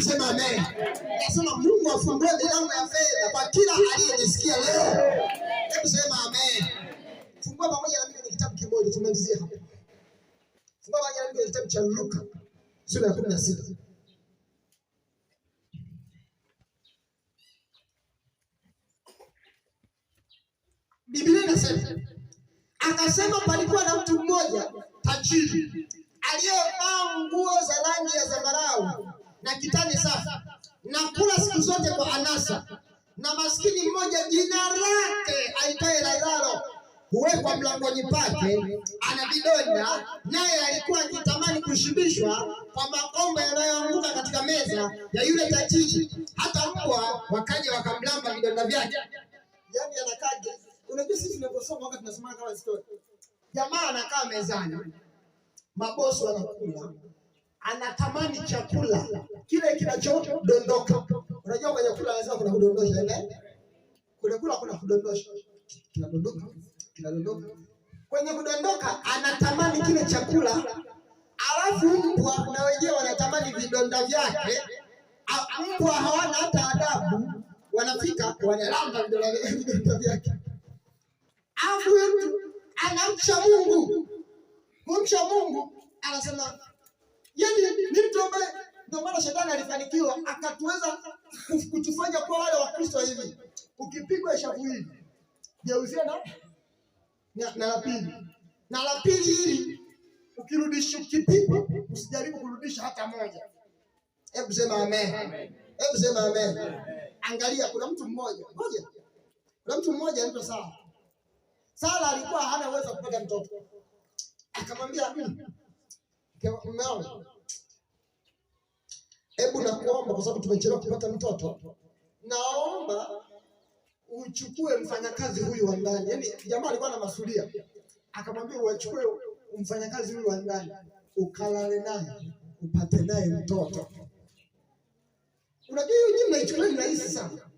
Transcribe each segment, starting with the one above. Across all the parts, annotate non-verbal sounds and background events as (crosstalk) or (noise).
Sema amen. Nasema Mungu afungue milango ya fedha kwa kila aliyenisikia leo. Hebu sema amen. Fungua pamoja na mimi kitabu kimoja tumalizia hapa. Fungua pamoja na mimi kitabu cha Luka sura ya 16. Biblia inasema akasema, palikuwa na mtu mmoja tajiri aliyevaa nguo na kitani safi, na kula siku zote kwa anasa, na maskini mmoja jina lake aitwaye Lazaro huwekwa mlangoni pake, ana vidonda, naye alikuwa akitamani kushibishwa kwa makombo yanayoanguka katika meza ya yule tajiri, hata mbwa wakaja wakamlamba vidonda vyake. Yani anakaja, unajua sisi tunaposoma wakati tunasoma kama story, jamaa anakaa mezani, mabosi wanakula anatamani chakula kile kinachodondoka. Unajua kwenye kula lazima kuna kudondosha, ile kule kula kuna kudondosha, kinadondoka, kinadondoka. Kwenye kudondoka anatamani kile chakula, alafu mbwa na wenyewe wanatamani vidonda vyake. Mbwa hawana hata adabu, wanafika wanalamba vidonda (laughs) vyake, alafu anamcha Mungu, kumcha Mungu anasema Yaani ni mtu ambaye ndio maana shetani alifanikiwa akatuweza kutufanya kwa wale wa Kristo hivi. Ukipigwa shavu hili jeuzie na na la pili na la pili hili ukirudisha, ukipigwa usijaribu kurudisha hata moja. Hebu sema amen, hebu sema amen. Angalia, kuna mtu mmoja Ngoja. kuna mtu mmoja anaitwa Sara. Sara alikuwa hana uwezo kupata mtoto, akamwambia mm, Mmeona? Hebu nakuomba, kwa sababu tumechelewa kupata mtoto, naomba uchukue mfanyakazi huyu wa ndani. Yaani jamaa alikuwa na masulia, akamwambia uachukue mfanyakazi huyu wa ndani, ukalale naye, upate naye mtoto. Unajua hiyo nyinyi mnaichukulia ni rahisi sana,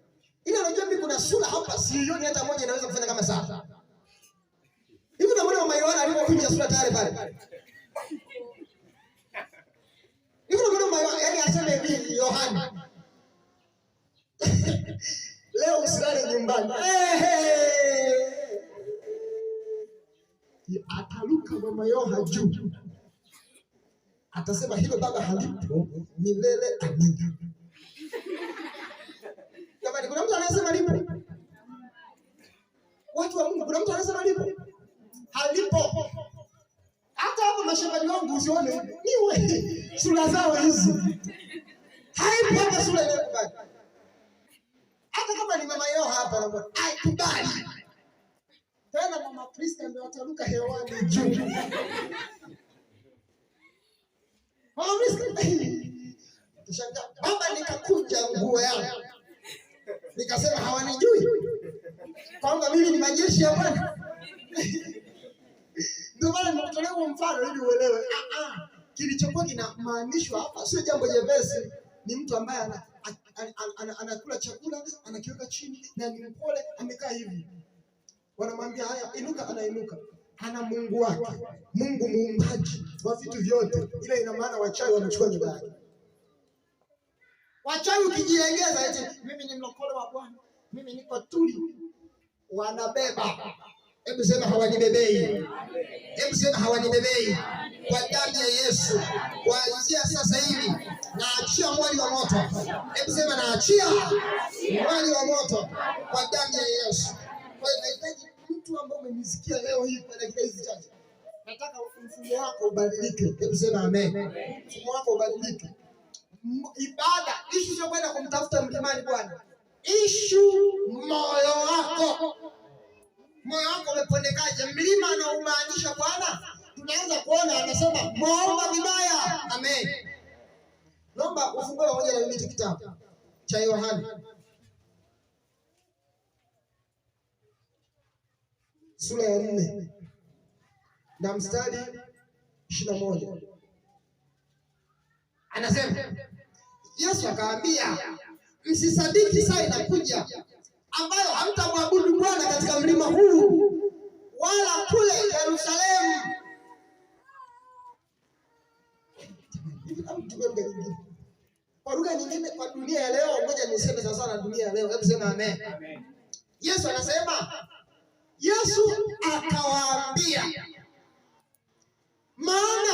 ila unajua mimi kuna sura hapa sioni hata moja inaweza kufanya kama sasa hivi. Namwona mama Yohana alipokuja sura tayari pale huruma, yani aseme hivi Yohana (laughs) leo usilale nyumbani, ataruka mama Yoha juu, atasema hilo baba halipo milele, amina. Jamani, kuna mtu anasema lipo? Watu wa Mungu, kuna mtu anasema lipo? Halipo. Hata hapo mashambani wangu usione niwe sura zao hizi. Haipo hata sura ile kubali. Hata kama ni mama yao hapa na ai kubali. Tena mama Kristo ndio ataruka hewani juu. Mama Kristo Tushangaa baba, nikakuja nguo yangu nikasema hawanijui kwamba mimi ni majeshi ya Bwana. (laughs) Ndio maana ninatolea huo mfano ili uelewe. Ah ah. Kilichokuwa kinamaanishwa hapa sio jambo jepesi. Ni mtu ambaye ana anakula chakula, anakiweka chini na ni mpole, amekaa hivi. Wanamwambia haya, inuka, anainuka. Ana Mungu wake. Mungu muumbaji wa vitu vyote. Ile ina maana wachawi wanachukua nyumba yake. Wachawi ukijiegeza eti mimi ni mlokole wa Bwana. Mimi niko tuli. Wanabeba. Hebu sema hawanibebei. Hebu sema hawanibebei. Kwa damu ya Yesu, kuanzia sasa hivi naachia mwali wa moto. Hebu sema naachia mwali wa moto kwa damu ya Yesu. Kwa hiyo nahitaji mtu ambaye umenisikia leo hii kwa dakika hizi chache, nataka mfumo wako ubadilike. Hebu sema amen. Mfumo wako ubadilike. Ibada ishu sio kwenda kumtafuta mlimani Bwana, ishu moyo wako moyo wako umepondekaje? Mlima anaumaanisha Bwana tunaanza kuona, anasema mwaomba vibaya. Amen. Naomba ufungue pamoja na mimi kitabu cha Yohana sura ya nne na mstari ishirini na moja anasema Yesu akaambia, msisadiki saa inakuja ambayo hamtamwabudu Bwana katika mlima huu wala kule Yerusalemu. Kwa lugha nyingine, kwa dunia ya leo, ngoja niseme sawa na dunia ya leo. Hebu sema amen. Yesu anasema, Yesu akawaambia, maana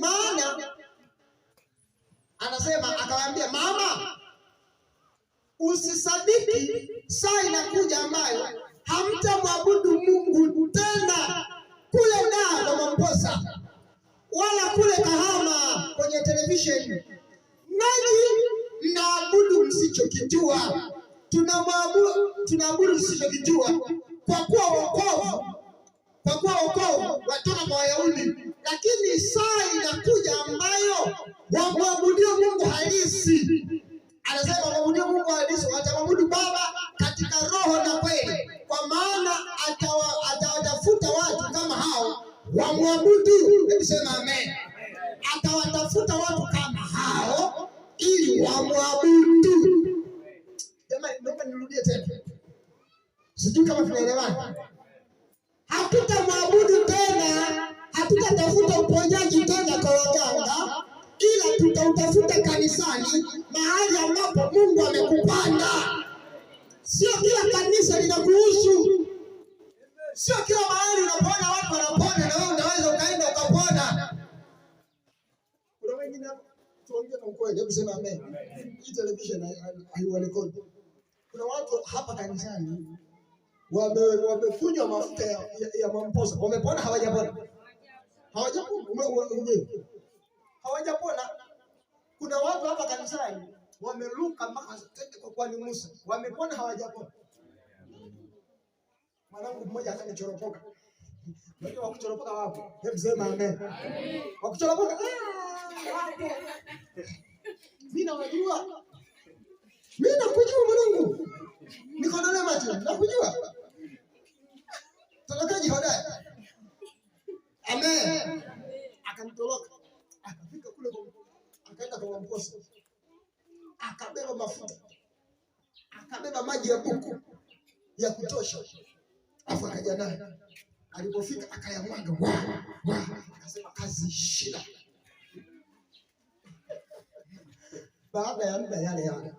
maana, anasema akawaambia, mama Usisadiki saa inakuja ambayo hamtamwabudu Mungu tena kule daa kwa Mamposa wala kule Kahama kwenye televisheni. Nanyi mnaabudu msichokijua, tunaabudu msichokijua, kwa kuwa wokovu kwa kuwa wokovu watoka kwa Wayahudi, lakini saa inakuja ambayo wamwabudio Mungu halisi anasema mwabudu Mungu wa atamwabudu Baba katika roho na kweli, kwa maana atawatafuta watu kama hao wamwabudu. Hebu sema amen. Atawatafuta watu kama hao ili wamwabudu. Jamani, naomba nirudie tena, sijui kama tunaelewana. Hatutamwabudu tena, hatutatafuta uponyaji tena kwa waganga ila tutautafuta kanisani mahali ambapo Mungu amekupanda. Sio kila kanisa linakuhusu, sio kila mahali unapoona watu wanapona na wewe unaweza ukaenda ukapona. Kuna wengine tuongee na ukweli, hebu sema amen. Hii television haiwarekodi. Kuna watu hapa kanisani wamekunywa mafuta ya mamposa, wamepona hawajapona, hawajapona hawajapona. Kuna watu hapa kanisani wameruka mpaka kwani Musa, wamepona hawajapona. Mwanangu mmoja akanichoropoka Unajua wakuchoropoka wapo. Hebu sema amen. Wakuchoropoka wapo. Ah, Mimi nawajua. Mimi nakujua Mungu. Niko na lema tu. Nakujua. Tunataka jihadai. Amen. Akanitoroka akaenda kwa mposa, akabeba mafuta, akabeba maji ya buku ya kutosha, afu akaja naye. Alipofika akayamwaga, akasema kazi shida. Baada ya muda yale yale,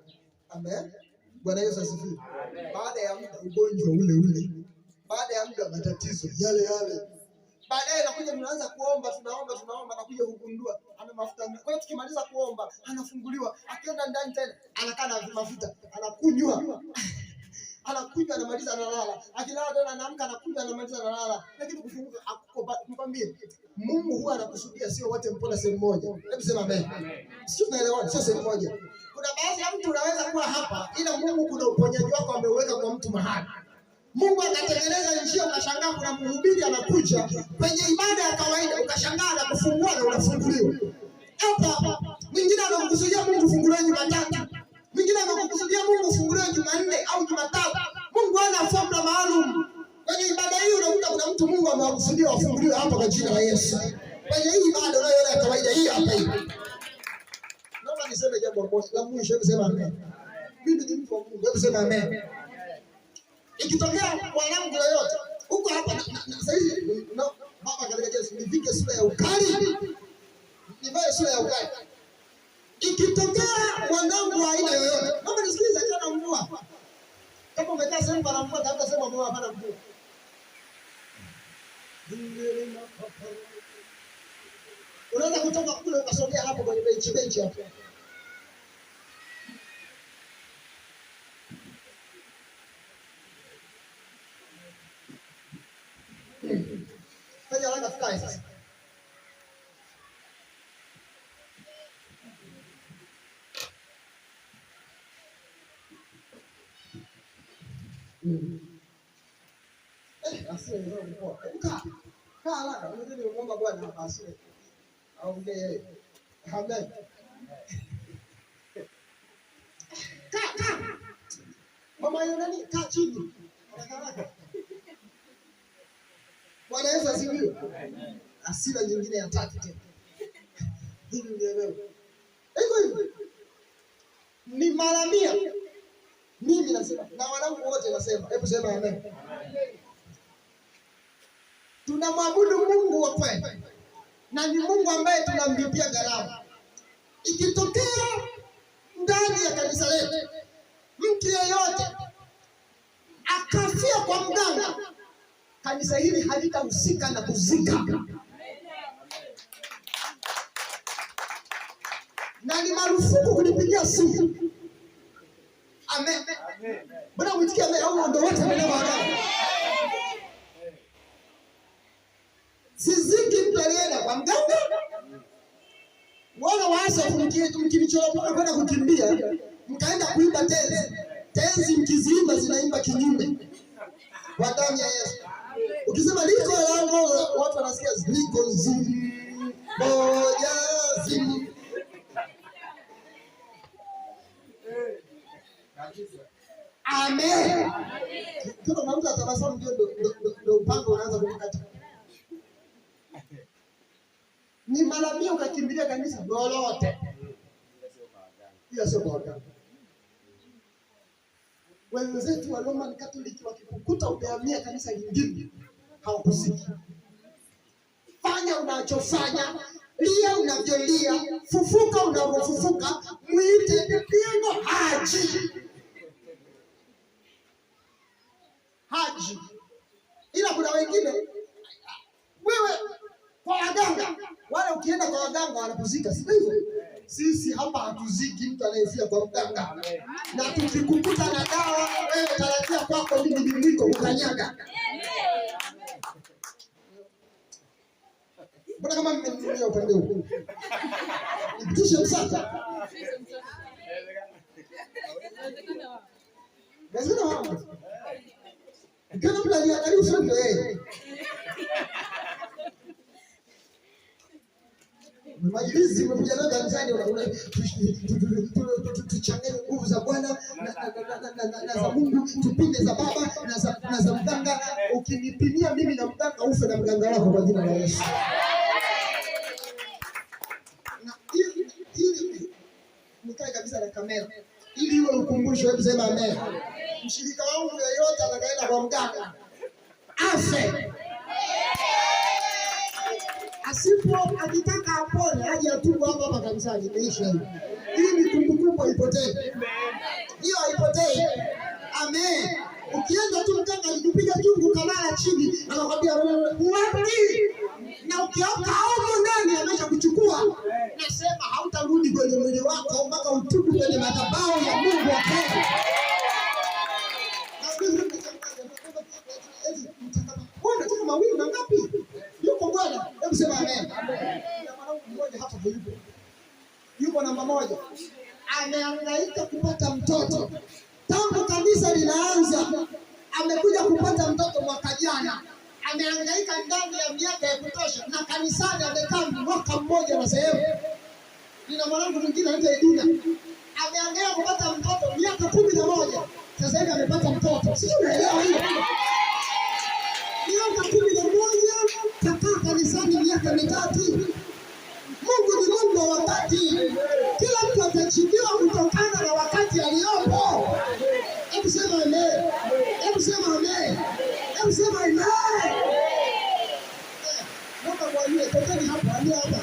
amen. Bwana Yesu asifiwe. Baada ya muda ugonjwa ule ule, baada ya muda matatizo yale yale Baadaye nakuja mnaanza kuomba, tunaomba tunaomba, nakuja kugundua ana mafuta. Kwa hiyo tukimaliza kuomba anafunguliwa, akienda ndani tena anakaa na mafuta, anakunywa (laughs) anakunywa, anamaliza, analala. Akilala tena anaamka, anakunywa, anamaliza, analala. Lakini kufunguka nikwambie, Mungu huwa anakusudia, sio wote mpona sehemu moja. Hebu sema amen, sio naelewa, sio sehemu moja. Kuna baadhi ya mtu unaweza kuwa hapa, ila Mungu kuna uponyaji wako ameuweka kwa mtu mahali Mungu akatengeneza njia, ukashangaa kuna mhubiri anakuja kwenye ibada ya kawaida, ukashangaa na kufungua na unafunguliwa. Hapa mwingine anakusudia Mungu funguliwe Jumatatu, mwingine anakusudia Mungu funguliwe Jumanne au Jumatatu. Mungu ana fomula maalum kwenye ibada hii. Unakuta kuna mtu Mungu amewakusudia wafunguliwe hapa kwa jina la Yesu, kwenye hii ibada unayoona ya kawaida hii hapa hii. Naomba niseme jambo moja la mwisho, hebu sema amen. Mimi ni mtu wa Mungu, hebu sema amen ikitokea mwanamke yoyote huko hapa mama katika nivike sura ya ukali, nivae sura ya ukali. Ikitokea mwanangu wa aina yoyote, mvua. Kama umekaa sehemu pana mvua, tafuta sehemu ambayo hapana mvua. Unaweza kutoka kule ukasogea hapo kwenye benchi benchi hapo tayo sasa. Mm. Eh, asiye ndio kwa. Kaa. Kaa haraka, unajua umeomba Bwana asiye. Aongee yeye. Amen. Kaa, kaa. Mama yule ni kaa chini. Haraka haraka. Bwana Yesu asifiwe. Hasira nyingine ya tatu tena. Hivi nielewe. hivi. Ni mara mia. Mimi nasema na wanangu wote nasema, hebu sema amen. Tunamwabudu Mungu wa kweli. Na ni Mungu ambaye tunamlipia gharama. Ikitokea ndani ya kanisa letu mtu yeyote akafia kwa mganga kanisa hili halitahusika na kuzika, na ni marufuku kulipigia simu. Amen, mbona mwitikia amen? Au ndo wote wanaelewa? Siziki, mtu alienda kwa mganga wala waasa mkimchoropoka kwenda kukimbia, mkaenda kuimba tezi tezi mkiziimba zinaimba kinyume kwa damu ya Yesu. Ukisema liko langu, watu wanasikia liko zuri moja zuri Amen. Kuna mtu atabasamu, ndio ndio upanga unaanza kukata. Ni mara mia ukakimbilia kanisa lolote. Hiyo sio kwa waganga. Wenzetu wa Roman Catholic wakikukuta umehamia kanisa lingine haukusiki. Fanya unachofanya, lia unavyolia, fufuka unavyofufuka, mwite Pingo Haji Haji. Ila kuna wengine wewe, kwa waganga wale, ukienda kwa waganga wanakuzika, si Sisi hapa hatuziki mtu anayefia kwa mganga, na tukikukuta na dawa wewe tarajia kwako mimi niko ukanyaga. Mbona kama mmemtumia upande huu? Nipitishe msaka. Nasema wangu. Kana mtu aliangalia usoni ndio yeye. Majilizi umekuja nayo kanisani tuchanganye nguvu za Bwana na za Mungu, tupinde za baba na za mganga. Ukinipimia mimi na mganga, ufe na mganga wako kwa jina la Yesu. meno, ili iwe ukumbusho. Hebu sema amen. Mshirika wangu yeyote atakaenda kwa mganga afe, asipo akitaka apone, aje atubu hapa hapa kanisani. kumbukumbu hiyo haipotei. Amen. Ukienda tu mganga akikupiga chungu kalala chini, anakwambia na ukiamka ndani amesha kuchukua, nasema urudi kwenye mwili wako mpaka utubu kwenye madhabahu ya Mungu wa kweli. mangapi? Yuko Bwana, hebu sema amen. Yuko namba moja, ameangaika kupata mtoto tangu kanisa linaanza. Amekuja kupata mtoto mwaka jana amehangaika ndani ya miaka ya kutosha, na kanisani amekaa mwaka mmoja na sehemu nina mwanangu mwingine anaitwa Iduna ameangalia kupata mtoto miaka kumi na moja sasa hivi amepata mtoto, sijui unaelewa hiyo miaka kumi na moja kakaa kanisani miaka mitatu. Mungu ni Mungu wa wakati, kila mtu kutokana na wakati aliyopo. Hebu sema amen, hebu sema amen, hebu sema amen. Eh, Mungu tokeni hapa